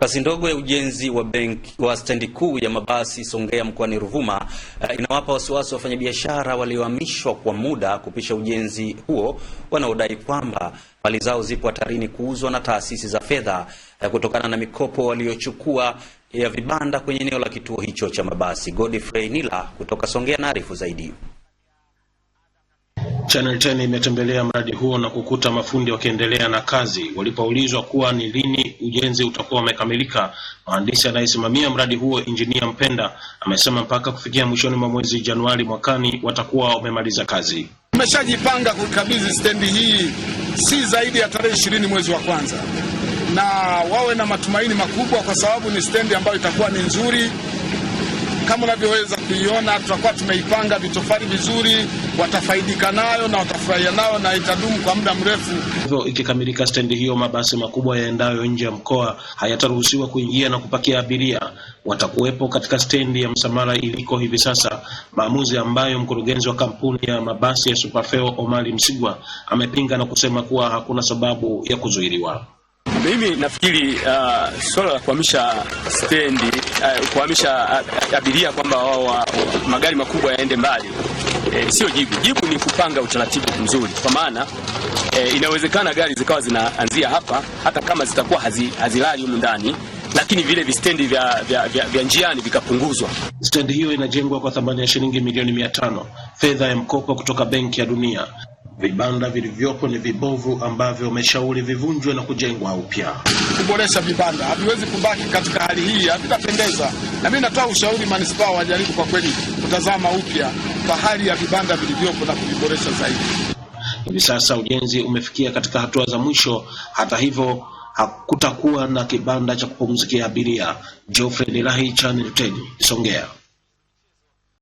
Kasi ndogo ya ujenzi wa benki wa stendi kuu ya mabasi Songea mkoani Ruvuma uh, inawapa wasiwasi wafanyabiashara waliohamishwa kwa muda kupisha ujenzi huo, wanaodai kwamba mali zao zipo hatarini kuuzwa na taasisi za fedha uh, kutokana na mikopo waliochukua ya vibanda kwenye eneo la kituo hicho cha mabasi. Godfrey Nila kutoka Songea naarifu zaidi. Channel 10 imetembelea mradi huo na kukuta mafundi wakiendelea na kazi. Walipoulizwa kuwa ni lini ujenzi utakuwa umekamilika, mhandisi anayesimamia mradi huo Injinia Mpenda amesema mpaka kufikia mwishoni mwa mwezi Januari mwakani watakuwa wamemaliza kazi. Tumeshajipanga kukabidhi stendi hii si zaidi ya tarehe ishirini mwezi wa kwanza, na wawe na matumaini makubwa kwa sababu ni stendi ambayo itakuwa ni nzuri kama unavyoweza kuiona, tutakuwa tumeipanga vitofali vizuri, watafaidika nayo na watafurahia nayo na itadumu kwa muda mrefu. Hivyo ikikamilika stendi hiyo, mabasi makubwa yaendayo nje ya mkoa hayataruhusiwa kuingia na kupakia abiria, watakuwepo katika stendi ya Msamara iliko hivi sasa, maamuzi ambayo mkurugenzi wa kampuni ya mabasi ya Superfeo Omari Msigwa amepinga na kusema kuwa hakuna sababu ya kuzuiliwa. Mimi nafikiri uh, swala la kuhamisha stendi uh, kuhamisha uh, abiria kwamba wao magari makubwa yaende mbali e, sio jibu. Jibu ni kupanga utaratibu mzuri, kwa maana e, inawezekana gari zikawa zinaanzia hapa hata kama zitakuwa hazilali humu ndani lakini vile vistendi vya, vya, vya, vya njiani vikapunguzwa. Stendi hiyo inajengwa kwa thamani ya shilingi milioni mia tano, fedha ya mkopo kutoka Benki ya Dunia. Vibanda vilivyoko ni vibovu ambavyo wameshauri vivunjwe na kujengwa upya. Kuboresha vibanda haviwezi kubaki katika hali hii, havitapendeza. Na mimi natoa ushauri manispaa wajaribu kwa kweli kutazama upya fahari ya vibanda vilivyopo na kuviboresha zaidi. Hivi sasa ujenzi umefikia katika hatua za mwisho. Hata hivyo, hakutakuwa na kibanda cha kupumzikia abiria. Geoffrey Nilahi, Channel 10, Songea.